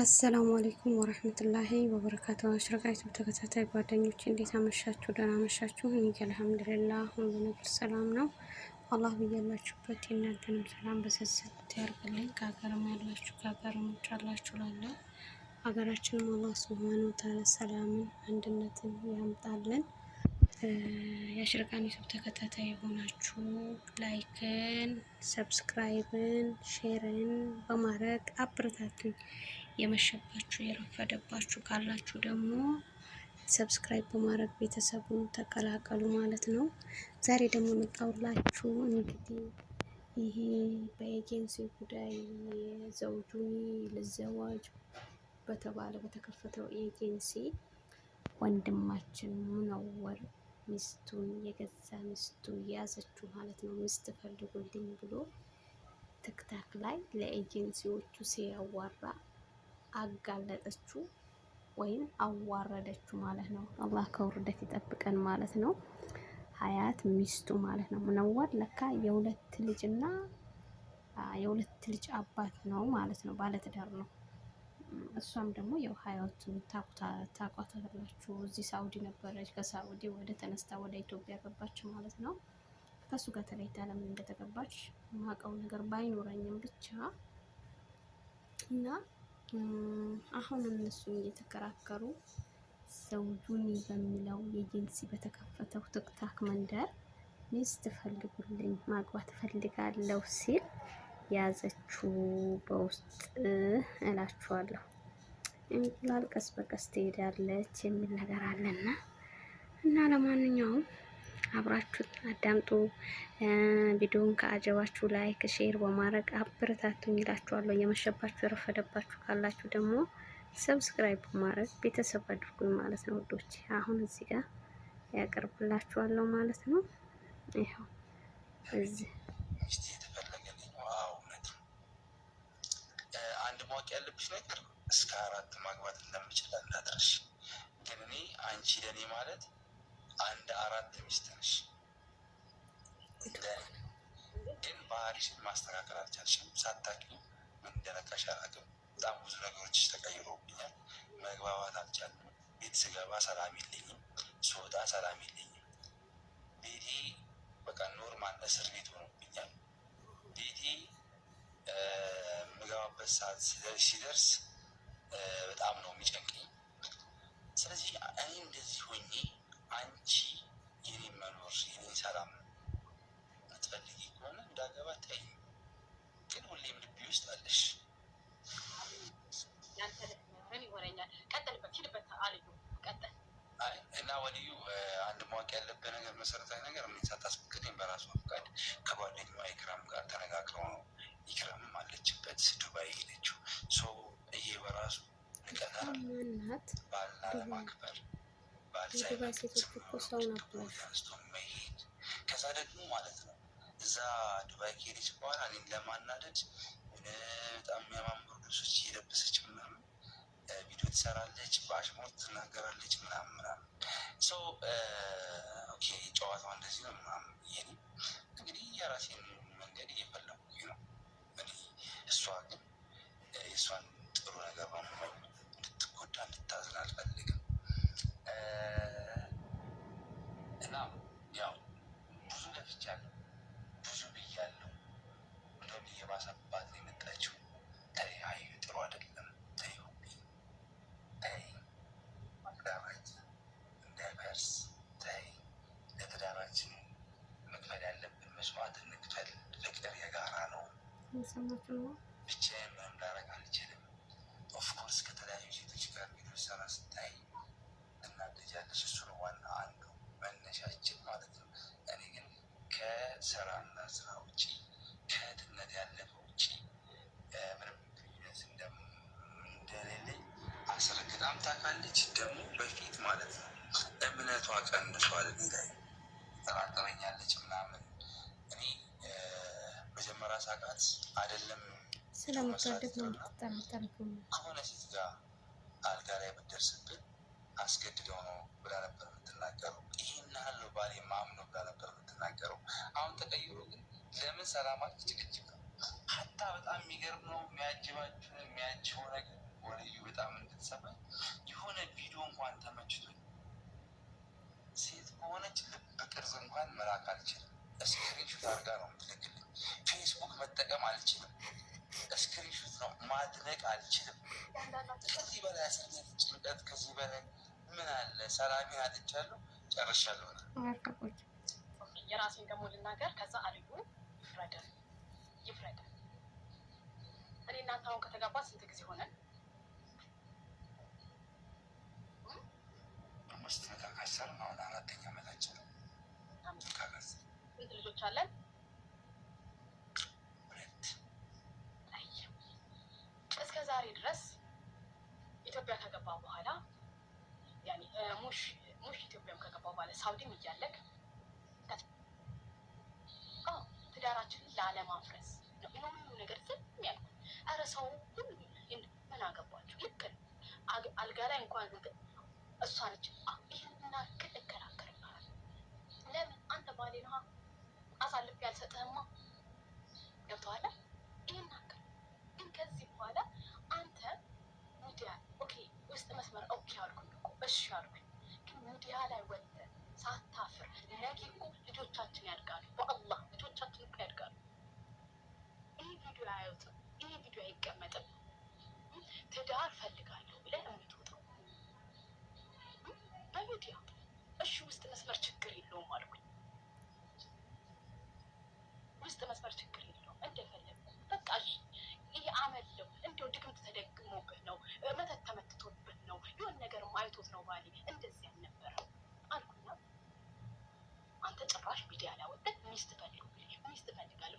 አሰላሙ አሌይኩም ወረህመቱላሂ ወበረካቱ። አሽረቃይቱ ተከታታይ ጓደኞች እንዴት አመሻችሁ? ደህና አመሻችሁ? እኔ አልሐምዱሊላ ሁሉ ነገር ሰላም ነው። አላህ ብያላችሁበት የእናንተንም ሰላም በሰሰት ያርግልኝ። ከሀገርም ያላችሁ ከሀገርም ውጭ ያላችሁ ላለው ሀገራችንም አላህ ሱብሃነ ወተዓላ ሰላምን፣ አንድነትን ያምጣልን። የአሽረቃን ዩቱብ ተከታታይ የሆናችሁ ላይክን፣ ሰብስክራይብን፣ ሼርን በማድረግ አብረታቱኝ። የመሸባችሁ የረፈደባችሁ ካላችሁ ደግሞ ሰብስክራይብ በማድረግ ቤተሰቡን ተቀላቀሉ ማለት ነው። ዛሬ ደግሞ የመጣሁላችሁ እንግዲህ ይሄ በኤጀንሲ ጉዳይ የዘውጁ ልዘዋጅ በተባለ በተከፈተው ኤጀንሲ ወንድማችን ሙነወር ሚስቱን የገዛ ሚስቱ የያዘችው ማለት ነው። ሚስት ፈልጉልኝ ብሎ ትክታክ ላይ ለኤጀንሲዎቹ ሲያዋራ አጋለጠችው ወይም አዋረደችው ማለት ነው። አላህ ከውርደት ይጠብቀን ማለት ነው። ሀያት ሚስቱ ማለት ነው። ሙነወር ለካ የሁለት ልጅና የሁለት ልጅ አባት ነው ማለት ነው። ባለትዳር ነው። እሷም ደግሞ ያው ሀያቱን ታቋታላችሁ። እዚህ ሳውዲ ነበረች። ከሳውዲ ወደ ተነስታ ወደ ኢትዮጵያ ገባች ማለት ነው። ከሱ ጋር ተለይታ ለምን እንደተገባች ማቀው ነገር ባይኖረኝም ብቻ እና አሁን እነሱ እየተከራከሩ ዘውጁኒ በሚለው የጂንሲ በተከፈተው ትክታክ መንደር ሚስት ፈልጉልኝ ማግባት እፈልጋለሁ ሲል ያዘችው በውስጥ እላችኋለሁ። እንቁላል ቀስ በቀስ ትሄዳለች የሚል ነገር አለና እና ለማንኛውም አብራችሁ አዳምጡ። ቪዲዮን ከአጀባችሁ ላይክ፣ ሼር በማድረግ አበረታቱኝ ይላችኋለሁ። የመሸባችሁ የረፈደባችሁ ካላችሁ ደግሞ ሰብስክራይብ በማድረግ ቤተሰብ አድርጉኝ ማለት ነው ውዶች። አሁን እዚህ ጋር ያቀርብላችኋለሁ ማለት ነው። ይኸው እዚህ አንድ ማወቅ ያለብሽ ነገር እስከ አራት ማግባት እንደምችል እንዳትረሽ። ግን እኔ አንቺ ለእኔ ማለት አንድ አራት ሚስት ነሽ፣ ግን ባህሪሽን ማስተካከል አልቻልሽም። ሳታውቂው ምን እንደነካሽ አላውቅም። በጣም ብዙ ነገሮች ተቀይሮብኛል። መግባባት አልቻልኩም። ቤት ስገባ ሰላም የለኝም፣ ስወጣ ሰላም የለኝም። ቤቴ በቃ ኖርማል እስር ቤት ሆኖብኛል። ቤቴ የምገባበት ሰዓት ሲደርስ በጣም ነው የሚጨንቅኝ። ስለዚህ እኔ እንደዚህ ሆኜ አንቺ የኔ መኖር የኔ ሰላም ምትፈልጊ ከሆነ እንዳገባ ታይ፣ ግን ሁሌም ልቢ ውስጥ አለሽ። እና ወልዩ አንድ ማወቅ ያለብህ ነገር መሰረታዊ ነገር ምን ሳታስፈቅደኝ በራሷ ፈቃድ ከጓደኛዋ ኢክራም ጋር ተነጋግረው ነው። ኢክራምም አለችበት ዱባይ ሄደችው። ሶ ይሄ በራሱ ንቀት ባልና ለማክበር የዱባይ ሴቶች እኮ ሰው ነበሩ። ከዛ ደግሞ ማለት ነው እዛ ዱባይ ከሄደች በኋላ እኔን ለማናደድ በጣም የሚያማምሩ ልብሶች የለበሰች ምናምን ቪዲዮ ትሰራለች፣ በአሽሙር ትናገራለች ምናምን ምናምን። ኦኬ ጨዋታው እንደዚህ ነው ምናምን። እንግዲህ የራሴን እየሰማችሁ ነው። ብቻዬን ምንም ላደርግ አልችልም። ኦፍኮርስ ከተለያዩ ሴቶች ጋር ቤቶች ሰራ ስታይ እናደጃለች። ዋና አንዱ መነሻችን ማለት ነው። እኔ ግን ስራ ውጭ ከእህትነት ያለፈ ውጭ ምንም ግንኙነት እንደሌለኝ አስረግጣም ታውቃለች። ደግሞ በፊት ማለት ነው እምነቷ ቀንሷል ላይ ስለምትወድቅ ነው የምትጠምጠምኩኝ። ከሆነ ሴት ጋር አልጋ ላይ ብትደርስብን አስገድደው ነው ብላ ነበር የምትናገረው። ይህን ያህል ነው ባሌ ማም ነው ብላ ነበር የምትናገረው። አሁን ተቀይሮ ግን ለምን ሰላማት ጭቅጭቅ ነው። ሀታ በጣም የሚገርም ነው የሚያጅባችሁ የሚያጅበው ነገር ወልዩ በጣም እንድትሰማ የሆነ ቪዲዮ እንኳን ተመችቶ ሴት ከሆነች ልብ ቅርጽ እንኳን መላክ አልችልም። እስክሪንሾት አድርጋ ነው ምትልክልኝ። ፌስቡክ መጠቀም አልችልም። እስክሪፕት ነው። ማድነቅ አልችልም። ከዚህ በላይ አስጊዜ ጭንቀት፣ ከዚህ በላይ ምን አለ? ሰላሜን አጥቻለሁ፣ ጨርሻለሁ። የራሴን ደግሞ ልናገር። ከዛ አልዩ ይፍረደ ይፍረደ። እኔ እናንተ አሁን ከተጋባ ስንት ጊዜ ሆነን? አምስት ነገር ካሰር አሁን አራተኛ ዓመታችን ነው። ስንት ልጆች አለን? ሙሽ ሙሽ ኢትዮጵያም ከገባው በኋላ ሳውዲም እያለክ ትዳራችንን ላለማፍረስ ነው። የሆኑ ነገር ዝም ያልኩ ኧረ ሰው ሁሉ ምን አገባቸው? ልክ አልጋ ላይ እንኳን እሷ ነች ይህና ክል ትዳር ፈልጋለሁ ብለን የምትወጣው በሚዲያ እሺ፣ ውስጥ መስመር ችግር የለውም አልኩኝ። ውስጥ መስመር ችግር የለውም እንደፈለግ በቃ ይህ አመለው እንደው ድግምት ተደግሞበት ነው መተት ተመትቶበት ነው የሆን ነገር አይቶት ነው ባሌ እንደዚህ አልነበረ አልኩና አንተ ጭራሽ ሚዲያ ላይ ወጥተህ ሚስት ፈልጉ ሚስት ፈልጋለሁ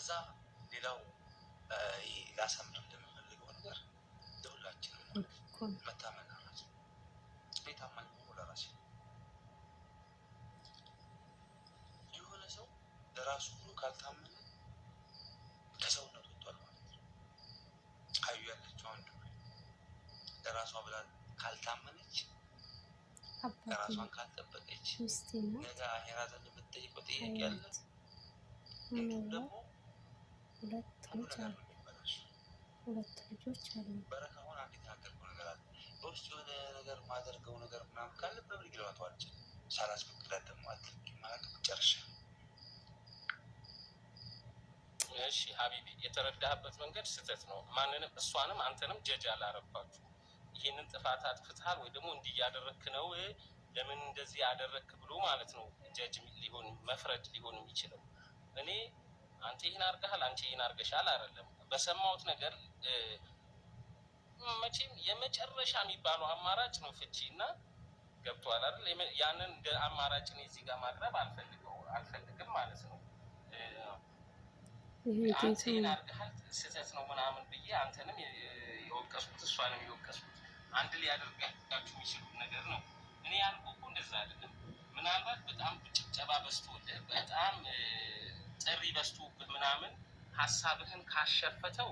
ከዛ ሌላው ላሰምር እንደምፈልገው ነገር ለሁላችንም መታመን ራስ ቤታማኝ ሆኖ ለራሴ የሆነ ሰው ለራሱ ብሎ ካልታመነ ከሰውነት ወጥቷል ማለት ነው። ያለችው አንዱ ለራሷ ብላ ካልታመነች ራሷን ካልጠበቀች ነገ አሄራ ዘንድ የምትጠይቀው ጥያቄ አለ። እንዲሁም ደግሞ ሁለት ልጅ አሉ። ሁለት ልጆች አሉ። በውስጥ የሆነ ነገር ማደርገው ነገር ምናምን ካለ ደግሞ አትልቅ እሺ ሀቢቢ የተረዳህበት መንገድ ስህተት ነው። ማንንም እሷንም አንተንም ጀጅ አላረባችሁ። ይህንን ጥፋት አጥፍትሃል ወይ ደግሞ እንዲህ እያደረክ ነው ለምን እንደዚህ አደረክ ብሎ ማለት ነው ጀጅ ሊሆን መፍረድ ሊሆን የሚችለው እኔ አንተ ይህን አርገሃል፣ አንቺ ይህን አርገሻል አይደለም። በሰማሁት ነገር መቼም የመጨረሻ የሚባለው አማራጭ ነው ፍቺ እና ገብቶሃል አይደል? ያንን አማራጭን አማራጭ እዚህ ጋር ማቅረብ አልፈልገው አልፈልግም ማለት ነው። አንተ ይህን አርገሃል፣ ስህተት ነው ምናምን ብዬ አንተንም የወቀስኩት እሷንም የወቀስኩት አንድ ሊያደርጋችሁ የሚችሉት ነገር ነው። እኔ ያልኩህ እኮ እንደዛ አይደለም። ምናልባት በጣም ጭብጨባ በዝቶልህ በጣም ጥሪ በዝቶብህ ምናምን ሀሳብህን ካሸፈተው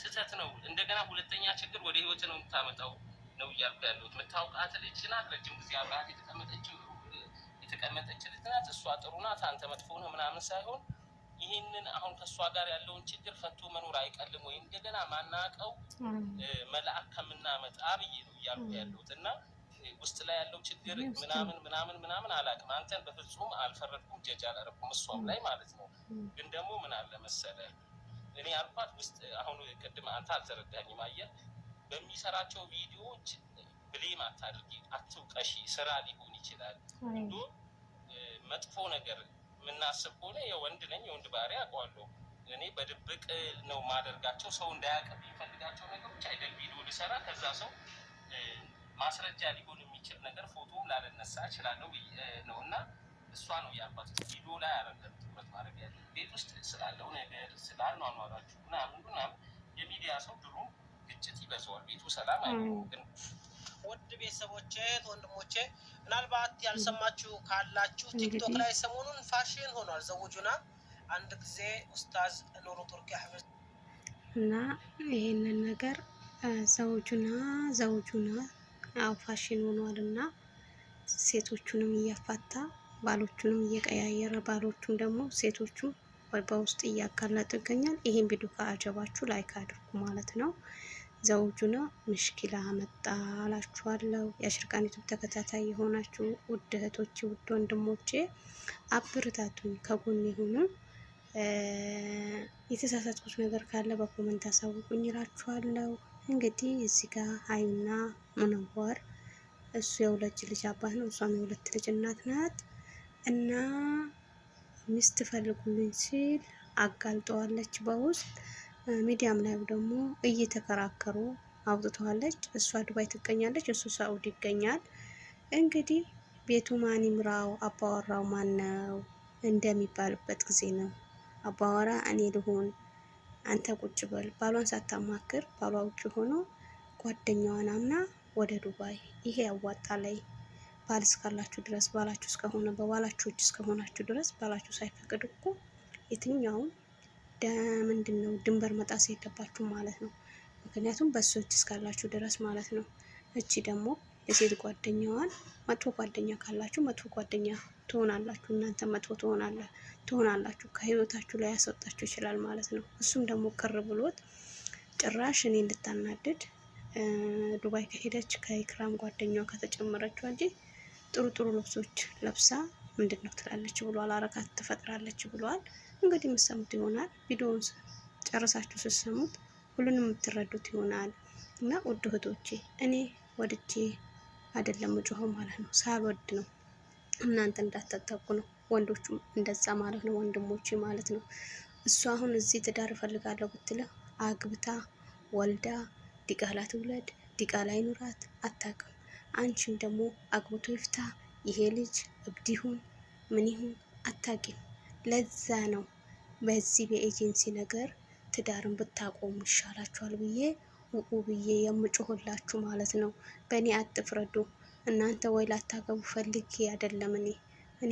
ስህተት ነው። እንደገና ሁለተኛ ችግር ወደ ህይወት ነው የምታመጣው ነው እያልኩ ያለሁት። የምታውቃት ልጅ ናት፣ ረጅም ጊዜ አብረሃት የተቀመጠችው የተቀመጠች ልጅ ናት። እሷ ጥሩ ናት፣ አንተ መጥፎ ነህ ምናምን ሳይሆን ይህንን አሁን ከእሷ ጋር ያለውን ችግር ፈቶ መኖር አይቀልም ወይ? እንደገና ማናቀው መልአክ ከምናመጣ ብዬ ነው እያልኩ ያለሁት እና ውስጥ ላይ ያለው ችግር ምናምን ምናምን ምናምን አላውቅም። አንተን በፍጹም አልፈረድኩም፣ ጀጅ አላረኩም እሷም ላይ ማለት ነው። ግን ደግሞ ምን አለ መሰለ እኔ አልኳት ውስጥ አሁን ቅድም አንተ አልተረዳኝም። አየህ በሚሰራቸው ቪዲዮዎች ብሌም አታድርጊ፣ አትውቀሺ። ስራ ሊሆን ይችላል እንዲሁም መጥፎ ነገር የምናስብ ከሆነ የወንድ ነኝ የወንድ ባህሪ አውቀዋለሁ። እኔ በድብቅ ነው ማደርጋቸው ሰው እንዳያውቅ የሚፈልጋቸው ነገሮች አይደል ቪዲዮ ልሰራ ከዛ ሰው ማስረጃ ሊሆን የሚችል ነገር ፎቶ ላለነሳ እችላለሁ ነው እና እሷ ነው ያልኳት። ቪዲዮ ላይ አይደለም ትኩረት ማድረግ ያለ ቤት ውስጥ ስላለው ነገር ስላኗኗራችሁ ምናምን ምናምን የሚዲያ ሰው ድሮ ግጭት ይበዛዋል። ቤቱ ሰላም አይ ግን ውድ ቤተሰቦቼ ወንድሞቼ፣ ምናልባት ያልሰማችሁ ካላችሁ ቲክቶክ ላይ ሰሞኑን ፋሽን ሆኗል ዘውጁና አንድ ጊዜ ኡስታዝ ኑሩ ቱርኪ አህመድ እና ይሄንን ነገር ዘውጁና ዘውጁና ፋሽን ሆኗል እና ሴቶቹንም እያፋታ ባሎቹንም እየቀያየረ ባሎቹም ደግሞ ሴቶቹ በውስጥ እያጋለጡ ይገኛል። ይህን ቪዲዮ ከአጀባችሁ ላይክ አድርጉ ማለት ነው። ዘውጁና ምሽኪላ መጣ አላችኋለሁ። የአሽርቃን ዩቱብ ተከታታይ የሆናችሁ ውድ እህቶቼ፣ ውድ ወንድሞቼ አብርታቱኝ፣ ከጎን የሆኑ የተሳሳትኩት ነገር ካለ በኮመንት አሳውቁኝ እላችኋለሁ። እንግዲህ እዚህ ጋር ሀዩና ሙነወር እሱ የሁለት ልጅ አባት ነው፣ እሷም የሁለት ልጅ እናት ናት። እና ሚስት ፈልጉልኝ ሲል አጋልጠዋለች በውስጥ ሚዲያም ላይ ደግሞ እየተከራከሩ አውጥተዋለች። እሷ ዱባይ ትገኛለች፣ እሱ ሳኡዲ ይገኛል። እንግዲህ ቤቱ ማን ይምራው አባወራው ማን ነው እንደሚባልበት ጊዜ ነው። አባወራ እኔ ልሆን አንተ ቁጭ በል ባሏን ሳታማክር ባሏ ውጭ ሆኖ ጓደኛዋን አምና ወደ ዱባይ ይሄ ያዋጣ ላይ ባል እስካላችሁ ድረስ ባላችሁ እስከሆነ በባላችሁች እስከሆናችሁ ድረስ ባላችሁ ሳይፈቅድ እኮ የትኛውም ምንድን ነው ድንበር መጣስ የለባችሁ ማለት ነው። ምክንያቱም በእሶች እስካላችሁ ድረስ ማለት ነው። እቺ ደግሞ የሴት ጓደኛዋን መጥፎ ጓደኛ ካላችሁ መጥፎ ጓደኛ ትሆናላችሁ እናንተ መጥፎ ትሆናላችሁ፣ ከህይወታችሁ ላይ ያስወጣችሁ ይችላል ማለት ነው። እሱም ደግሞ ቅር ብሎት ጭራሽ እኔ እንድታናድድ ዱባይ ከሄደች ከኢክራም ጓደኛዋ ከተጨመረችው እንጂ ጥሩ ጥሩ ልብሶች ለብሳ ምንድን ነው ትላለች ብሏል። አረካት ትፈጥራለች ብሏል። እንግዲህ የምትሰሙት ይሆናል። ቪዲዮውን ጨርሳችሁ ስትሰሙት ሁሉንም የምትረዱት ይሆናል። እና ውድ እህቶቼ እኔ ወድጄ አይደለም እጩኸው ማለት ነው ሳልወድ ነው እናንተ እንዳታጠቁ ነው። ወንዶቹም እንደዛ ማለት ነው፣ ወንድሞች ማለት ነው። እሱ አሁን እዚህ ትዳር እፈልጋለሁ ብትለ አግብታ ወልዳ ዲቃላ ትውለድ ዲቃላ ይኑራት አታውቅም። አንቺም ደግሞ አግብቶ ይፍታ ይሄ ልጅ እብድ ይሁን ምን ይሁን አታውቂም። ለዛ ነው በዚህ በኤጀንሲ ነገር ትዳርን ብታቆሙ ይሻላችኋል ብዬ ውቁ ብዬ የምጮህላችሁ ማለት ነው። በእኔ አትፍረዱ። እናንተ ወይ ላታገቡ ፈልጌ አይደለም እኔ እኔ